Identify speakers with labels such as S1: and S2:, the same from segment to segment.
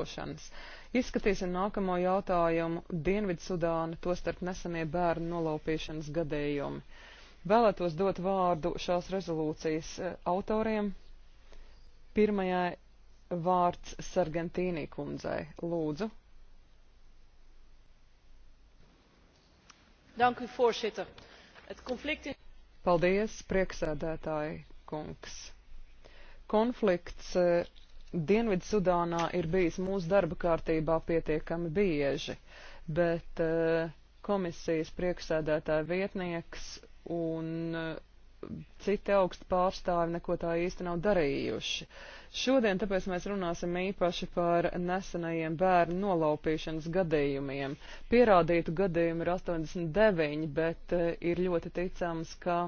S1: apkalpošanas. Izskatīsim nākamo jautājumu - Dienvidsudāna, tostarp nesenie bērnu nolaupīšanas gadījumi. Vēlētos dot vārdu šās rezolūcijas eh, autoriem. Pirmajai vārds Sargentīnī kundzei. Lūdzu.
S2: Dank u, voorzitter. Het conflict in...
S1: Paldies, prieksēdētāji kungs. Konflikts eh, Dienvidsudānā ir bijis mūsu darba kārtībā pietiekami bieži, bet eh, komisijas priekšsēdētāja vietnieks un eh, citi augsti pārstāvi neko tā īsti nav darījuši. Šodien tāpēc mēs runāsim īpaši par nesenajiem bērnu nolaupīšanas gadījumiem. Pierādītu gadījumu ir 89, bet eh, ir ļoti ticams, ka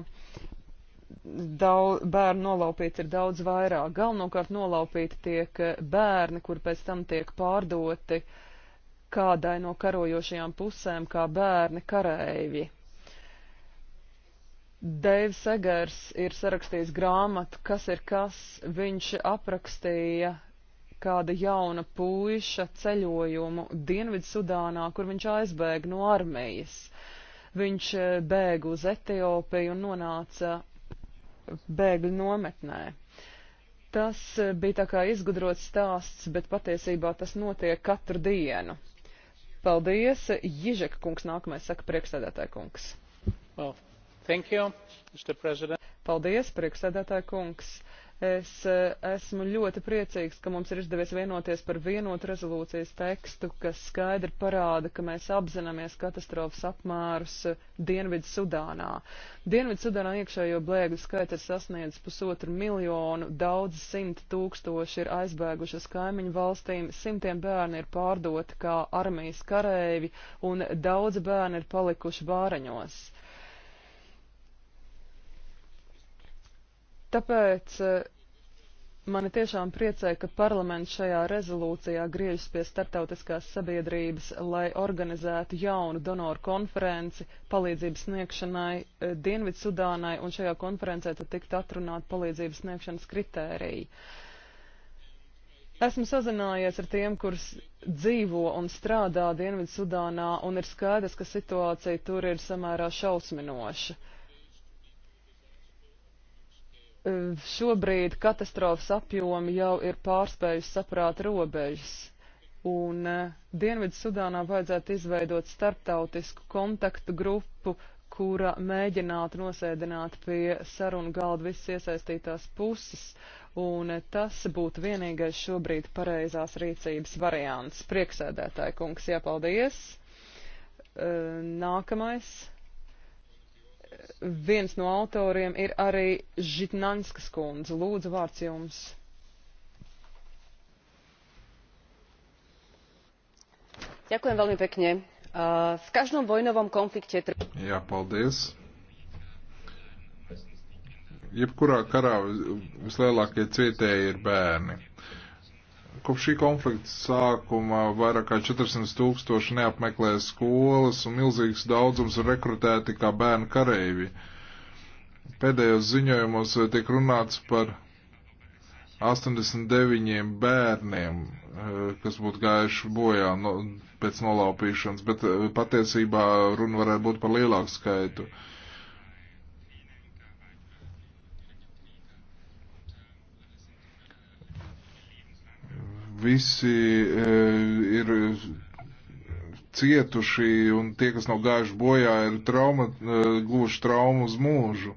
S1: daudz, bērnu nolaupīti ir daudz vairāk. Galvenokārt nolaupīti tiek eh, bērni, kur pēc tam tiek pārdoti kādai no karojošajām pusēm, kā bērni kareivi. Deivs Egers ir sarakstījis grāmatu, kas ir kas, viņš aprakstīja kāda jauna puiša ceļojumu Dienvidsudānā, kur viņš aizbēga no armijas. Viņš eh, bēga uz Etiopiju un nonāca bēgļu nometnē. Tas eh, bija tā kā izgudrots stāsts, bet patiesībā tas notiek katru dienu. Paldies, Jižek kungs, nākamais saka priekšsēdētāja kungs. Well, thank you, Mr. President. Paldies, priekšsēdētāja kungs. Uh, Es eh, esmu ļoti priecīgs, ka mums ir izdevies vienoties par vienotu rezolūcijas tekstu, kas skaidri parāda, ka mēs apzināmies katastrofas apmērus eh, Dienvidu Sudānā. Dienvidu Sudānā iekšējo blēgu skaits ir sasniedzis pusotru miljonu, daudz simt tūkstoši ir aizbēguši uz kaimiņu valstīm, simtiem bērni ir pārdoti kā armijas kareivi un daudzi bērni ir palikuši bāreņos. Tāpēc eh, Mani tiešām priecē, ka parlaments šajā rezolūcijā griežas pie starptautiskās sabiedrības, lai organizētu jaunu donoru konferenci palīdzības sniegšanai e, Dienvidsudānai, un šajā konferencē tad tikt atrunāt palīdzības sniegšanas kritēriju. Esmu sazinājies ar tiem, kurus dzīvo un strādā Dienvidsudānā, un ir skaidrs, ka situācija tur ir samērā šausminoša. Eh, šobrīd katastrofas apjomi jau ir pārspējuši saprāta robežas. Un eh, Dienvidu Sudānā vajadzētu izveidot starptautisku kontaktu grupu, kura mēģinātu nosēdināt pie sarunu galda visas iesaistītās puses. Un eh, tas būtu vienīgais šobrīd pareizās rīcības variants. Prieksēdētāji kungs, jāpaldies. Nākamais viens no autoriem ir arī Žitnanskas kundze. Lūdzu, vārds jums. Ďakujem veľmi pekne. Uh, v každom vojnovom konflikte...
S3: Jā, paldies. Jebkurā karā vislielākie cietēji ir bērni. Uh, Kopš šī konflikta sākuma vairāk kā 400 tūkstoši neapmeklē skolas un milzīgs daudzums ir rekrutēti kā bērnu kareivi. Pēdējos ziņojumos tiek runāts par 89 bērniem, eh, kas būtu gājuši bojā no, pēc nolaupīšanas, bet eh, patiesībā runa varētu būt par lielāku skaitu. Uh, visi e, ir cietuši un tie, kas nav gājuši bojā, ir trauma, e, gluži traumu uz mūžu.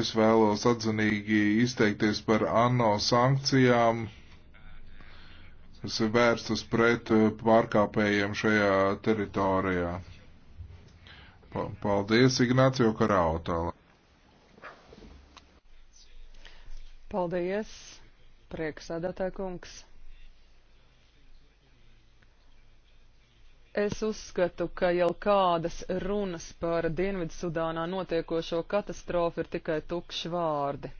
S3: Es vēlos atzinīgi izteikties par ANO sankcijām, kas ir vērstas pret e, pārkāpējiem šajā teritorijā. Paldies, Ignācio Karautala.
S1: Paldies prieksēdētāja kungs. Es uzskatu, ka jau kādas runas par Dienvidsudānā notiekošo katastrofu ir tikai tukši vārdi.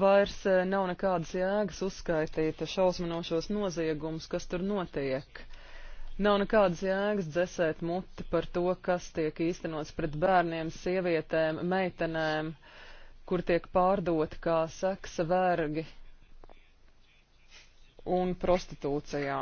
S1: Vairs eh, nav nekādas jēgas uzskaitīt šausminošos noziegumus, kas tur notiek. Nav nekādas jēgas dzēsēt muti par to, kas tiek īstenots pret bērniem, sievietēm, meitenēm. Uh, kur tiek pārdoti kā seksa vergi un prostitūcijā.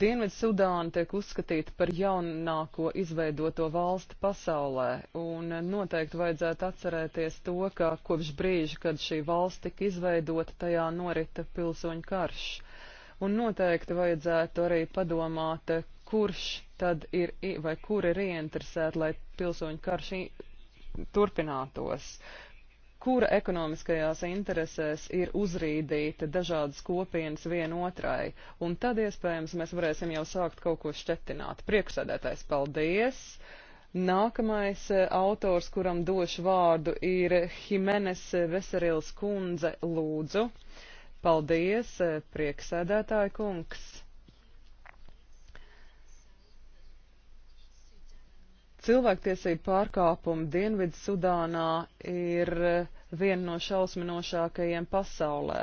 S1: Dienvidsudāna tiek uzskatīta par jaunāko izveidoto valsti pasaulē, un noteikti vajadzētu atcerēties to, ka kopš brīža, kad šī valsts tika izveidota, tajā norita pilsoņu karš. Un noteikti vajadzētu arī padomāt, kurš tad ir, vai kur ir ieinteresēti, lai pilsoņu karš turpinātos kura ekonomiskajās interesēs ir uzrīdīta dažādas kopienas vienotrai, un tad iespējams mēs varēsim jau sākt kaut ko šķetināt. Priekšsēdētājs, paldies! Nākamais eh, autors, kuram došu vārdu, ir Himenes Veserils kundze Lūdzu. Paldies, eh, prieksēdētāja kungs! Cilvēktiesību pārkāpumi Dienvidu Sudānā ir viena no šausminošākajiem pasaulē.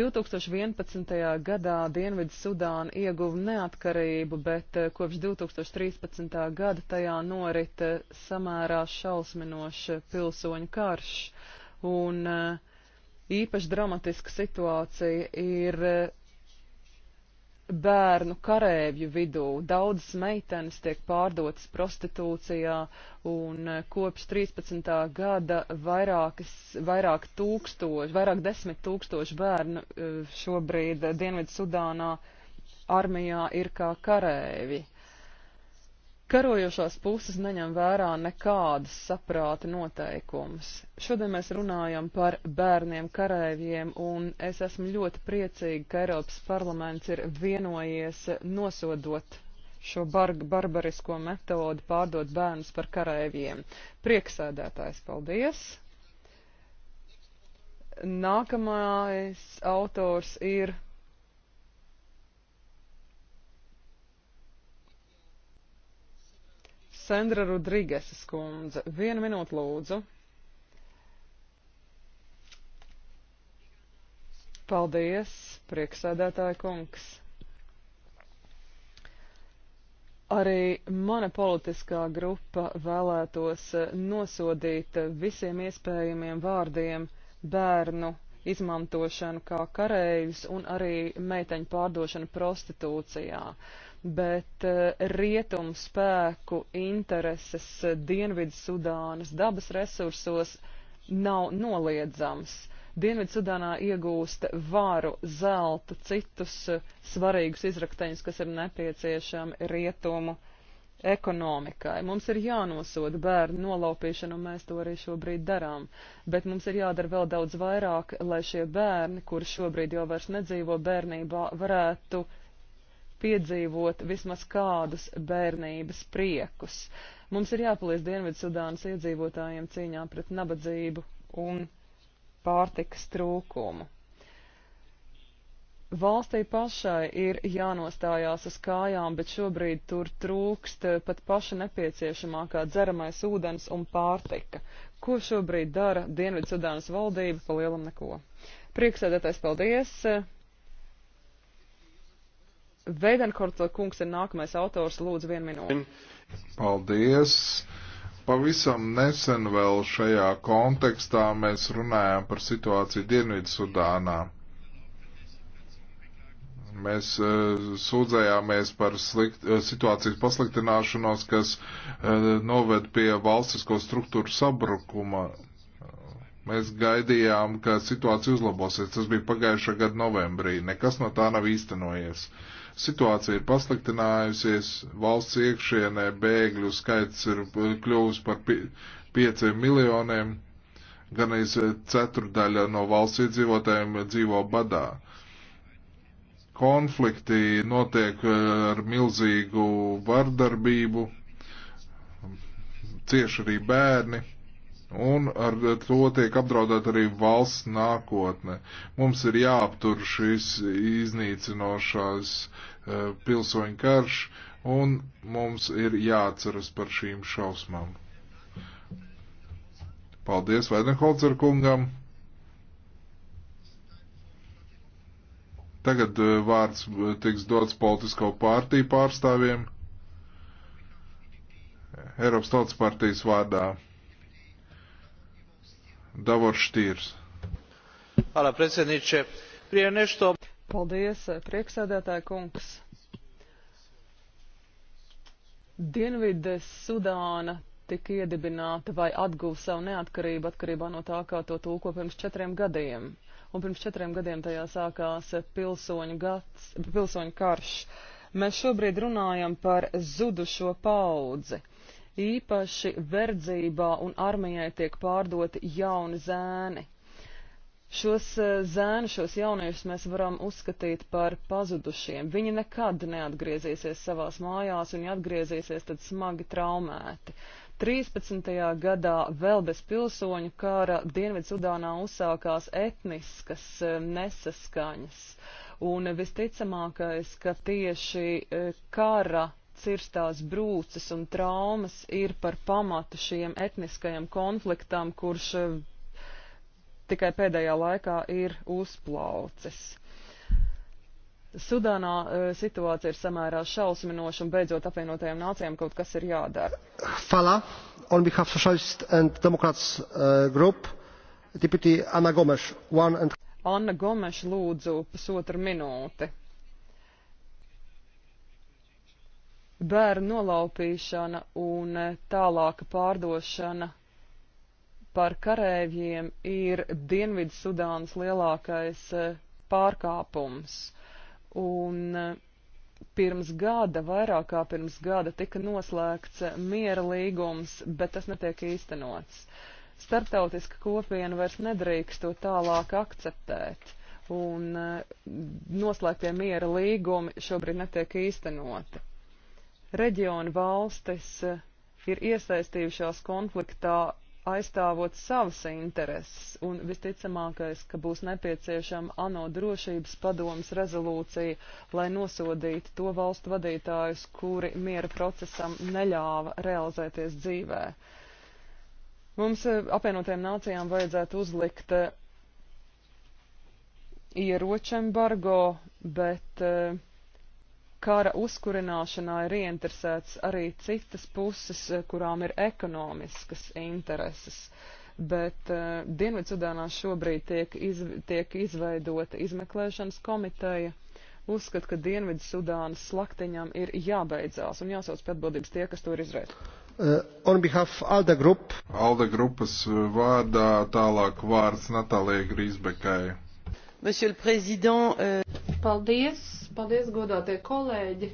S1: 2011. gadā Dienvidu Sudāna ieguva neatkarību, bet eh, kopš 2013. gada tajā norita eh, samērā šausminoša pilsoņu karš. Un eh, īpaši dramatiska situācija ir bērnu karēvju vidū. Daudzas meitenes tiek pārdotas prostitūcijā, un eh, kopš 13. gada vairākas, vairāk tūkstoši, vairāk desmit tūkstoši bērnu eh, šobrīd Dienvidu Sudānā armijā ir kā karēvi. Karojošās puses neņem vērā nekādas saprāta noteikumus. Šodien mēs runājam par bērniem karēviem, un es esmu ļoti priecīga, ka Eiropas parlaments ir vienojies nosodot šo bar barbarisko metodi pārdot bērnus par karēviem. Prieksēdētājs, paldies! Nākamais autors ir Sandra Rodrīgas skundze. Vienu minūtu lūdzu. Paldies, prieksēdētāja kungs. Arī mana politiskā grupa vēlētos nosodīt visiem iespējamiem vārdiem bērnu izmantošanu kā kareivs un arī meiteņu pārdošanu prostitūcijā. Uh, bet eh, rietumu spēku intereses Dienvidsudānas dabas resursos nav noliedzams. Dienvidsudānā iegūst varu, zeltu, citus eh, svarīgus izrakteņus, kas ir nepieciešami rietumu ekonomikai. Mums ir jānosoda bērnu nolaupīšana, un mēs to arī šobrīd darām. Bet mums ir jādara vēl daudz vairāk, lai šie bērni, kuri šobrīd jau vairs nedzīvo bērnībā, varētu uh, piedzīvot vismaz kādus bērnības priekus. Mums ir jāpalīdz Dienvidsudānas iedzīvotājiem cīņā pret nabadzību un pārtikas trūkumu. Valstī pašai ir jānostājās uz kājām, bet šobrīd tur trūkst pat paša nepieciešamākā dzeramais ūdens un pārtika. Ko šobrīd dara Dienvidsudānas valdība? Pa lielam neko. Prieksēdētais paldies! Veidenkorta kungs ir nākamais autors, lūdzu, vienu minūti.
S3: Paldies! Pavisam nesen vēl šajā kontekstā mēs runājām par situāciju Dienvidsudānā. Mēs uh, sūdzējāmies par slikt, uh, situācijas pasliktināšanos, kas uh, noved pie valstisko struktūru sabrukuma. Mēs gaidījām, ka situācija uzlabosies. Tas bija pagājušā gada novembrī. Nekas no tā nav īstenojies. Uh, Situācija ir pasliktinājusies, valsts iekšienē bēgļu skaits ir kļuvis par 5 miljoniem, gan aiz ceturdaļa no valsts iedzīvotājiem dzīvo badā. Konflikti notiek e, ar milzīgu vardarbību, cieši arī bērni un ar to tiek apdraudēt arī valsts nākotne. Mums ir jāaptur šis iznīcinošās uh, pilsoņu karš, un mums ir jāatceras par šīm šausmām. Paldies Vaidenholzer kungam! Tagad uh, vārds eh, tiks dots politisko pārtīju pārstāvjiem. Eiropas Tautas partijas vārdā. Davors Štīrs. Hvala predsjedniče.
S1: Prije nešto... Paldies, prieksēdētāja kungs. Dienvides Sudāna tika iedibināta vai atguva savu neatkarību atkarībā no tā, kā to tūko pirms četriem gadiem. Un pirms četriem gadiem tajā sākās pilsoņu, gads, pilsoņu karš. Mēs šobrīd runājam par zudušo paudzi īpaši verdzībā un armijai tiek pārdoti jauni zēni. Šos eh, zēnus, šos jauniešus mēs varam uzskatīt par pazudušiem. Viņi nekad neatgriezīsies savās mājās, un ja atgriezīsies, tad smagi traumēti. 13. gadā vēl bez pilsoņu kara Dienvidsudānā uzsākās etniskas eh, nesaskaņas, un visticamākais, ka tieši eh, kara cirstās brūces un traumas ir par pamatu šiem etniskajam konfliktam, kurš eh, tikai pēdējā laikā ir uzplaucis. Sudānā eh, situācija ir samērā šausminoša un beidzot apvienotajām nācijām kaut kas ir jādara.
S4: Fala, on behalf Socialist and Democrats uh, Group, deputy Anna Gomes, one and...
S1: Anna Gomes lūdzu pusotru minūti. bērnu nolaupīšana un tālāka pārdošana par karēvjiem ir Dienvidsudānas lielākais e, pārkāpums. Un e, pirms gada, vairāk kā pirms gada, tika noslēgts miera līgums, bet tas netiek īstenots. Startautiska kopiena vairs nedrīkst to tālāk akceptēt, un e, noslēgtie miera līgumi šobrīd netiek īstenoti reģionu valstis eh, ir iesaistījušās konfliktā aizstāvot savas intereses, un visticamākais, ka būs nepieciešama ANO drošības padomas rezolūcija, lai nosodītu to valstu vadītājus, kuri miera procesam neļāva realizēties dzīvē. Mums eh, apvienotajām nācijām vajadzētu uzlikt eh, ieročembargo, bet uh, kara uzkurināšanā ir ieinteresēts arī citas puses, eh, kurām ir ekonomiskas intereses. Bet uh, Dienvidzudānā šobrīd tiek, iz, tiek izveidota izmeklēšanas komiteja. Uzskat, ka Dienvidzudānas slaktiņam ir jābeidzās un jāsauc pie atbildības tie, kas to ir izraisījuši.
S3: Uh, eh, on behalf ALDE Group. ALDE grupas vārdā tālāk vārds Natālijai Grīsbekai.
S1: Monsieur le
S2: Président, uh... paldies Paldies, godātie kolēģi!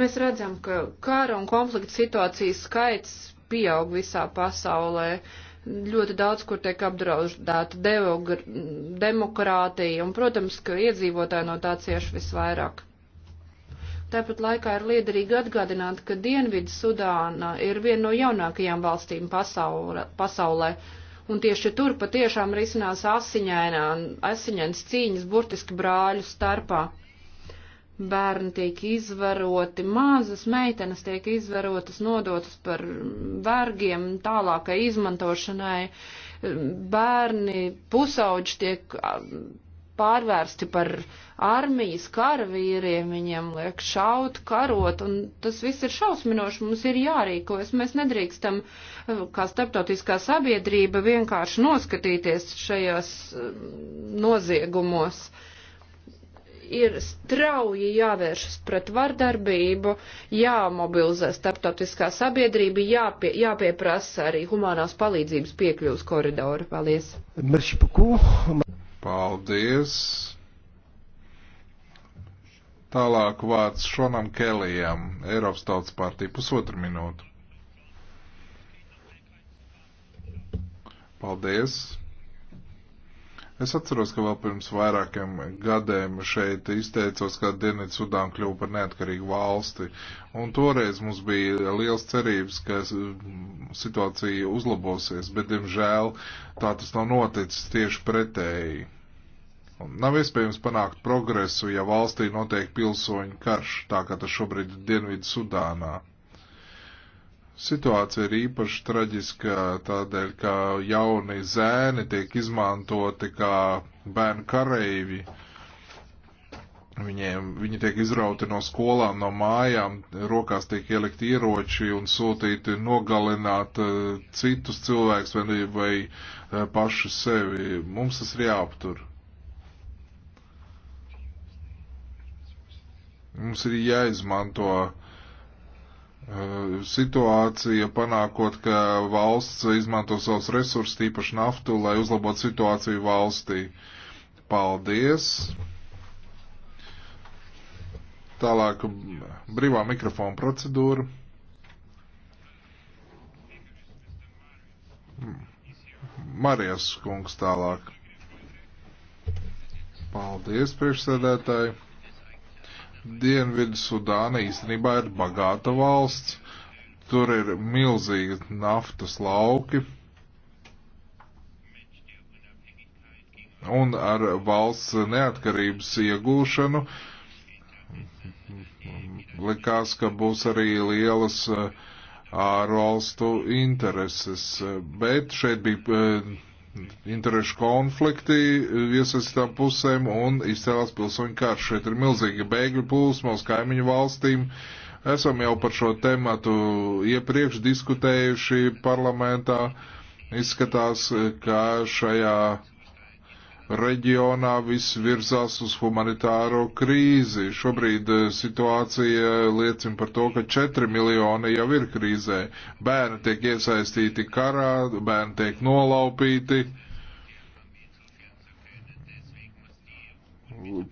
S2: Mēs redzam, ka kara un konflikta situācijas skaits pieaug visā pasaulē. Ļoti daudz, kur tiek apdraudēta demokrātija, un, protams, ka iedzīvotāji no tā cieši visvairāk. Tāpat laikā ir liederīgi atgādināt, ka Dienvidu Sudāna ir viena no jaunākajām valstīm pasaulē. pasaulē un tieši tur patiešām risinās asiņainā, asiņains cīņas burtiski brāļu starpā. Bērni tiek izvaroti, mazas meitenes tiek izvarotas, nodotas par vergiem tālākai izmantošanai, bērni pusauģi tiek pārvērsti par armijas karavīriem, viņiem liek šaut, karot, un tas viss ir šausminoši, mums ir jārīkojas, mēs nedrīkstam, eh, kā starptautiskā sabiedrība, vienkārši noskatīties šajos eh, noziegumos ir strauji jāvēršas pret vardarbību, jāmobilizē starptautiskā sabiedrība, jāpie, jāpieprasa arī humanās palīdzības piekļuvas koridoru. Paldies!
S3: Paldies. Tālāk vārds Šonam Kelijam, Eiropas Tautas partija, pusotru minūtu. Paldies. Es atceros, ka vēl pirms vairākiem gadiem šeit izteicos, ka Dienvidu Sudāna kļuva par neatkarīgu valsti. Un toreiz mums bija liels cerības, ka mm, situācija uzlabosies, bet, diemžēl, tā tas nav noticis tieši pretēji. Un nav iespējams panākt progresu, ja valstī notiek pilsoņu karš, tā kā tas šobrīd ir Dienvidu Sudānā. Situācija ir īpaši traģiska tādēļ, ka jauni zēni tiek izmantoti kā bērnu kareivi. Viņiem, viņi tiek izrauti no skolām, no mājām, rokās tiek ielikt ieroči un sūtīti nogalināt uh, citus cilvēkus vai, nu, vai uh, paši sevi. Mums tas ir jāaptur. Mums ir jāizmanto uh, Eh, situācija, panākot, ka valsts izmanto savus resursus, tīpaši naftu, lai uzlabotu situāciju valstī. Paldies! Tālāk mm, brīvā mikrofona procedūra. Mm. Marijas kungs tālāk. Paldies, priekšsēdētāji! Dienvidu Sudāna īstenībā ir bagāta valsts. Tur ir milzīgi naftas lauki. Un ar valsts neatkarības iegūšanu likās, ka būs arī lielas ārvalstu intereses. Bet šeit bija interešu konflikti iesaistītām pusēm un izcēlās pilsoņu karš. Šeit ir milzīga bēgļu plūsma uz kaimiņu valstīm. Esam jau par šo tematu iepriekš diskutējuši parlamentā. Izskatās, ka šajā reģionā viss virzās uz humanitāro krīzi. Šobrīd eh, situācija liecina par to, ka 4 miljoni jau ir krīzē. Bērni tiek iesaistīti karā, bērni tiek nolaupīti.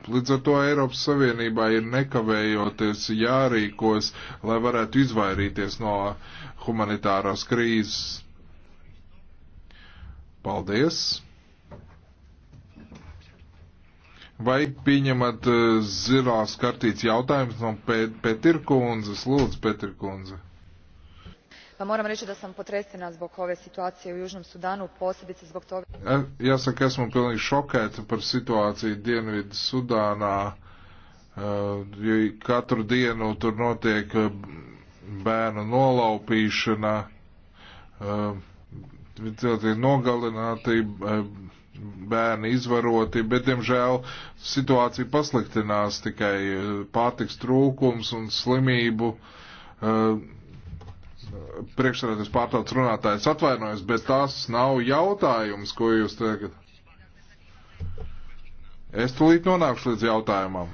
S3: Līdz ar to Eiropas Savienībā ir nekavējoties jārīkos, lai varētu izvairīties no humanitārās krīzes. Paldies! Vai pieņemat eh, zilās kartītes jautājumus no Petirkundzes? Lūdzu, Petirkundze.
S1: Pa moram reći da sam potresena zbog ove situacije u Južnom Sudanu, posebice zbog toga...
S3: E, Jāsaka, esmu pilnīgi šokēta par situāciju Dienvidu Sudānā, e, jo katru dienu tur notiek e, bērnu nolaupīšana, cilvēki nogalināti, eh, bērni izvaroti, bet, diemžēl, situācija pasliktinās tikai eh, pārtiks trūkums un slimību. Eh, priekšsēdētājs pārtauc runātājs atvainojas, bet tas nav jautājums, ko jūs tagad. Es tulīt nonākšu līdz jautājumam.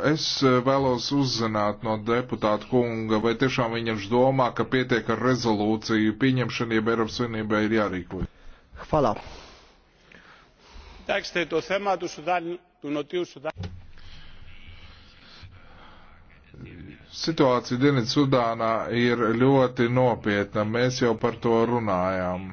S3: Es e, vēlos uzzināt no deputāta kunga, vai tiešām viņš domā, ka pietiek ar rezolūciju pieņemšanu, ja Eiropas Savienībai ir jārīkojas. Hvala. Situācija Dienvidzudānā ir ļoti nopietna, mēs jau par to runājām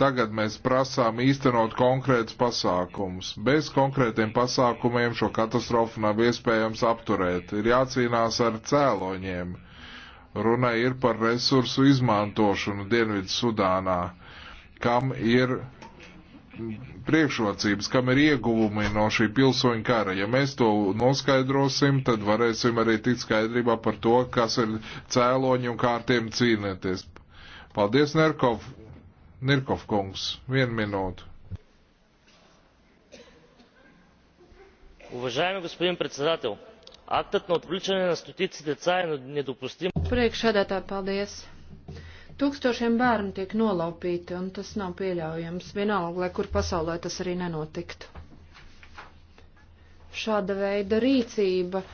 S3: Tagad mēs prasām īstenot konkrētus pasākumus. Bez konkrētiem pasākumiem šo katastrofu nav iespējams apturēt. Ir jācīnās ar cēloņiem. Runa ir par resursu izmantošanu Dienvidu Sudānā, kam ir priekšrocības, kam ir ieguvumi no šī pilsoņa kara. Ja mēs to noskaidrosim, tad varēsim arī tikt skaidrībā par to, kas ir cēloņi un kā ar tiem cīnēties. Paldies, Nerkov Nirkov kungs, vienu minūtu.
S4: Уважаеми господин председател, актът на отвличане на стотици деца е недопустим.
S2: Priekšsēdētāji, paldies! Tūkstošiem bērnu tiek nolaupīti, un tas nav pieļaujams. Vienalga, lai kur pasaulē tas arī nenotiktu. Šāda veida rīcība uh,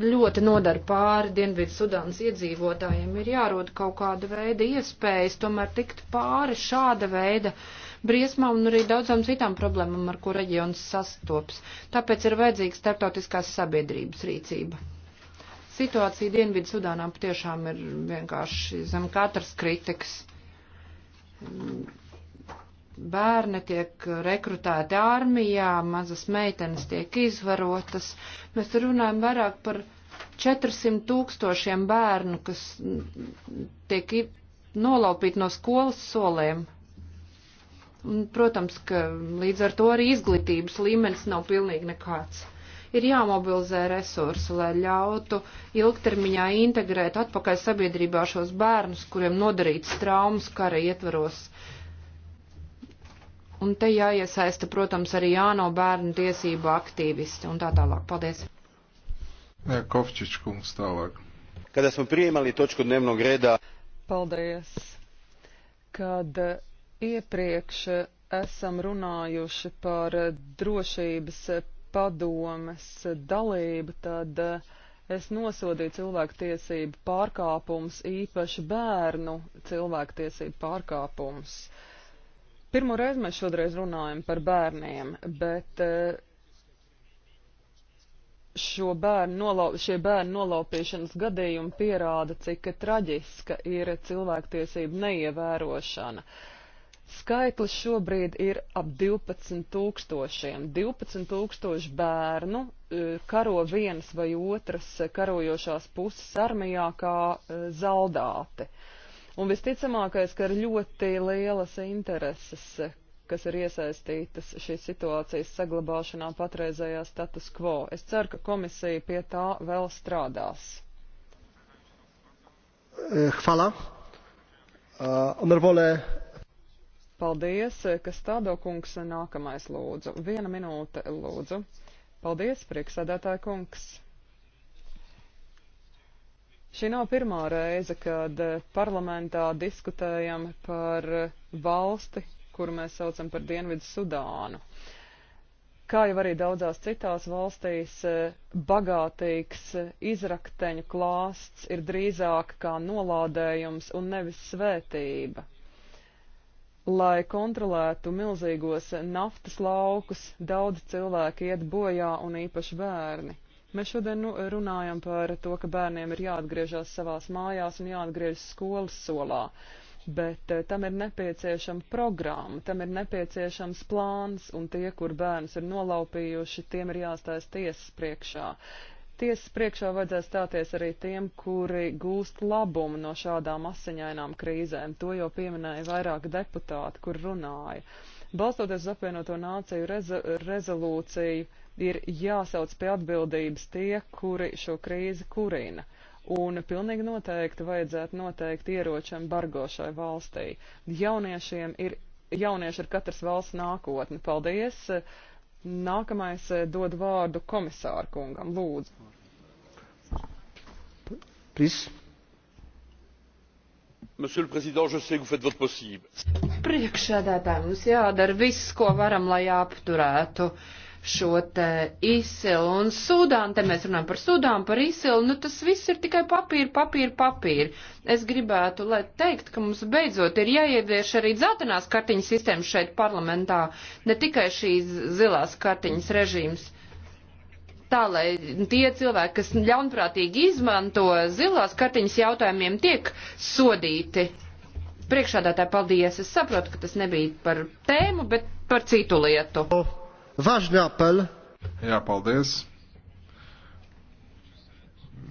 S2: ļoti nodara pāri Dienvidu Sudānas iedzīvotājiem, ir jārod kaut kāda veida iespējas tomēr tikt pāri šāda veida briesmām un arī daudzām citām problēmām, ar ko reģions sastops. Tāpēc ir vajadzīga starptautiskās sabiedrības rīcība. Situācija Dienvidu Sudānā patiešām ir vienkārši zem katras kritikas bērni tiek rekrutēti armijā, mazas meitenes tiek izvarotas. Mēs runājam vairāk par 400 tūkstošiem bērnu, kas tiek nolaupīti no skolas soliem. Un, protams, ka līdz ar to arī izglītības līmenis nav pilnīgi nekāds. Ir jāmobilizē resursi, lai ļautu ilgtermiņā integrēt atpakaļ sabiedrībā šos bērnus, kuriem nodarīts traumas kara ietvaros. Uh, Un te jāiesaista, protams, arī jāno bērnu tiesību aktīvisti un tā tālāk. Paldies.
S4: Jā, Kovčič kungs tālāk. Kad esmu priemali točku dnevnog reda.
S1: Paldies. Kad iepriekš esam runājuši par drošības padomes dalību, tad es nosodīju cilvēktiesību pārkāpums, īpaši bērnu cilvēktiesību pārkāpums. Uh, Pirmo reizi mēs šodreiz runājam par bērniem, bet eh, šo bērnu, nolau, šie bērnu nolaupīšanas gadījumi pierāda, cik traģiska ir cilvēktiesība neievērošana. Skaitlis šobrīd ir ap 12 tūkstošiem. 12 tūkstoši bērnu eh, karo vienas vai otras karojošās puses armijā kā eh, zaldāti. Uh, Un visticamākais, ka ir ļoti lielas intereses, kas ir iesaistītas šīs situācijas saglabāšanā patreizējā status quo. Es ceru, ka komisija pie tā vēl strādās.
S4: Eh, hvala. Uh, honorable
S1: Paldies, kas tādo kungs nākamais lūdzu. Viena minūte lūdzu. Paldies, prieksēdētāja kungs. Šī nav pirmā reize, kad eh, parlamentā diskutējam par eh, valsti, kuru mēs saucam par Dienvidu Sudānu. Kā jau arī daudzās citās valstīs, eh, bagātīgs izrakteņu klāsts ir drīzāk kā nolādējums un nevis svētība. Lai kontrolētu milzīgos naftas laukus, daudz cilvēki iet bojā un īpaši bērni. Mēs šodien nu, runājam par to, ka bērniem ir jāatgriežas savās mājās un jāatgriežas skolas solā. Bet eh, tam ir nepieciešama programma, tam ir nepieciešams plāns, un tie, kur bērns ir nolaupījuši, tiem ir jāstājas tiesas priekšā. Tiesas priekšā vajadzēs stāties arī tiem, kuri gūst labumu no šādām asiņainām krīzēm. To jau pieminēja vairāk deputāti, kur runāja. Balstoties uz apvienoto nāciju rezo rezolūciju, ir jāsauc pie atbildības tie, kuri šo krīzi kurina. Un pilnīgi noteikti vajadzētu noteikt ieroču embargo šai valstī. Jauniešiem ir, jaunieši ir katras valsts nākotne. Paldies! Nākamais eh, dod vārdu komisāru kungam. Lūdzu.
S4: Please monsieur le président je sais que vous faites votre possible.
S2: priekšsēdētāj mums jādara viss ko varam lai apturētu šo te izsilu un Sudānu, te mēs runājam par Sudānu, par izsilu, nu tas viss ir tikai papīri, papīri, papīri. Es gribētu, lai teikt, ka mums beidzot ir jāievieš arī dzeltenās kartiņas sistēmas šeit parlamentā, ne tikai šīs zilās kartiņas režīms. Tā, lai tie cilvēki, kas ļaunprātīgi izmanto zilās kartiņas jautājumiem, tiek sodīti. Priekšādātāji, paldies! Es saprotu, ka tas nebija par tēmu, bet par citu
S4: lietu. Oh
S3: ważny apel. Jā, paldies.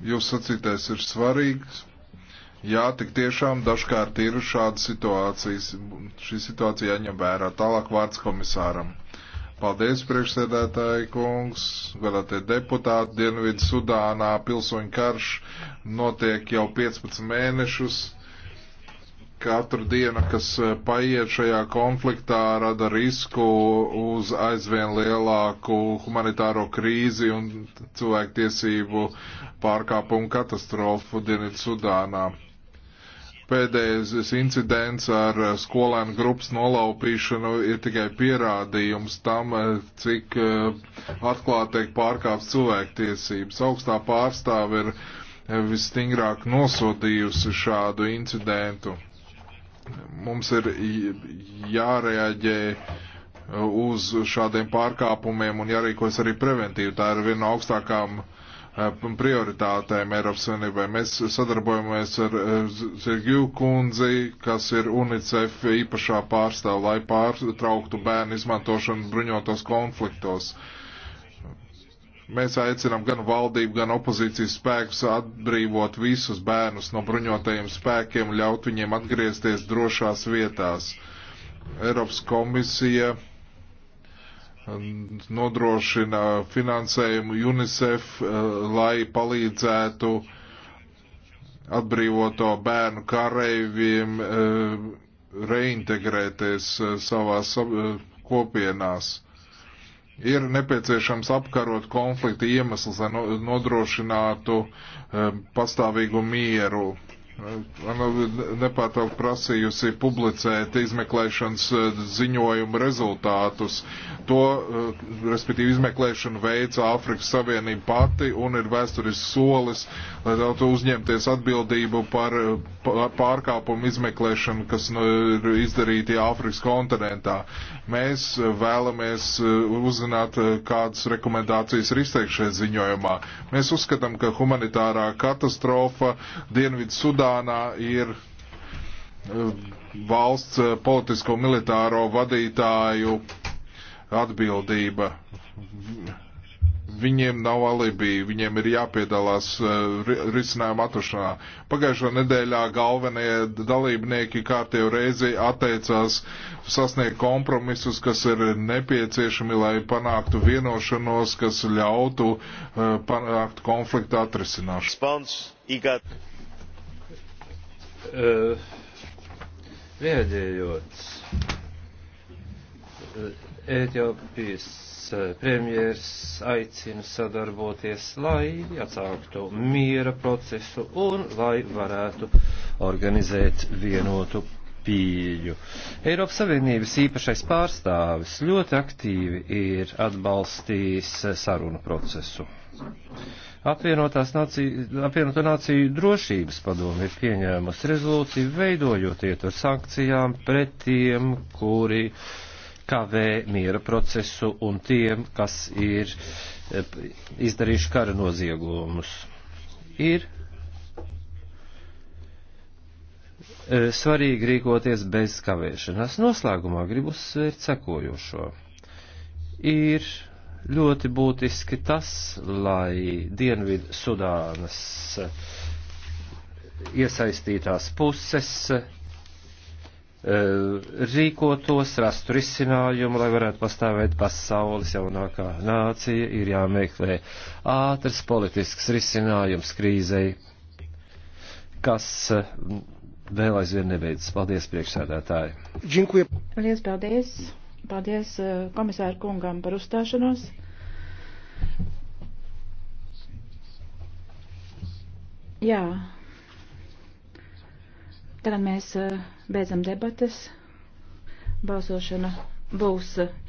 S3: Jūs sacītais ir svarīgs. Jā, tik tiešām dažkārt ir šādas situācijas. Šī situācija jāņem vērā. Tālāk vārds komisāram. Paldies, priekšsēdētāji kungs, godātie deputāti, Dienvidu Sudānā pilsoņu karš notiek jau 15 mēnešus. Katru dienu, kas e, paiet šajā konfliktā, rada risku uz aizvien lielāku humanitāro krīzi un cilvēktiesību pārkāpumu katastrofu Dienvidu Sudānā. Pēdējais incidents ar e, skolēnu grupas nolaupīšanu ir tikai pierādījums tam, e, cik atklāti tiek pārkāpts cilvēktiesības. Augstā pārstāve ir visstingrāk nosodījusi šādu incidentu. Mums ir jārēģē uh, uz šādiem pārkāpumiem un jārīkojas arī preventīvi. Tā ir viena no augstākām uh, prioritātēm Eiropas Savienībai. Mēs sadarbojamies ar uh, Zirgiju kundzi, kas ir UNICEF īpašā pārstāv, lai pārtrauktu bērnu izmantošanu bruņotos konfliktos. Uh, Mēs aicinām gan valdību, gan opozīcijas spēkus atbrīvot visus bērnus no bruņotajiem spēkiem, ļaut viņiem atgriezties drošās vietās. Eiropas komisija nodrošina finansējumu UNICEF, e, lai palīdzētu atbrīvoto bērnu kareiviem e, reintegrēties e, savās kopienās ir nepieciešams apkarot konflikta iemeslus, lai nodrošinātu eh, pastāvīgu mieru. Man nepārtraukt prasījusi publicēt izmeklēšanas eh, ziņojumu rezultātus. To, eh, respektīvi, izmeklēšanu veica Āfrikas Savienība pati un ir vēsturis solis, lai tautu uzņemties atbildību par eh, pārkāpumu izmeklēšanu, kas nu, ir izdarīti Āfrikas kontinentā. Mēs vēlamies uzzināt, kādas rekomendācijas ir izteikšajā ziņojumā. Mēs uzskatām, ka humanitārā katastrofa Dienvidu Sudā Sudānā ir eh, valsts eh, politisko militāro vadītāju atbildība. Viņiem nav alibī, viņiem ir jāpiedalās eh, risinājuma atrašanā. Pagājušo nedēļā galvenie dalībnieki kārtējo reizi atteicās sasniegt kompromisus, kas ir nepieciešami, lai panāktu vienošanos, kas ļautu panākt konflikta atrisināšanu.
S4: Eh, Rēģējot, Ēģopijas eh, eh, premjers aicina sadarboties, lai atsāktu miera procesu un lai varētu organizēt vienotu pieju. Eiropas Savienības īpašais pārstāvis ļoti aktīvi ir atbalstījis sarunu procesu. Apvienotās nāciju, apvienoto nāciju drošības padomi ir pieņēmusi rezolūciju, veidojot ietver sankcijām pret tiem, kuri kavē miera procesu un tiem, kas ir eh, izdarījuši kara noziegumus. Ir E, svarīgi rīkoties bez kavēšanās. Noslēgumā gribu uzsvērt sekojošo. Ir ļoti būtiski tas, lai Dienvidu Sudānas iesaistītās puses e, rīkotos, rastu risinājumu, lai varētu pastāvēt pasaules jaunākā nācija, ir jāmeklē ātrs politisks risinājums krīzei, kas vēl aizvien nebeidzas. Paldies, priekšsēdētāji. Džinkuja.
S2: Paldies, paldies. Paldies eh,
S4: komisāru kungam par uzstāšanos. Jā. Tagad mēs
S2: eh, beidzam debates. Balsošana būs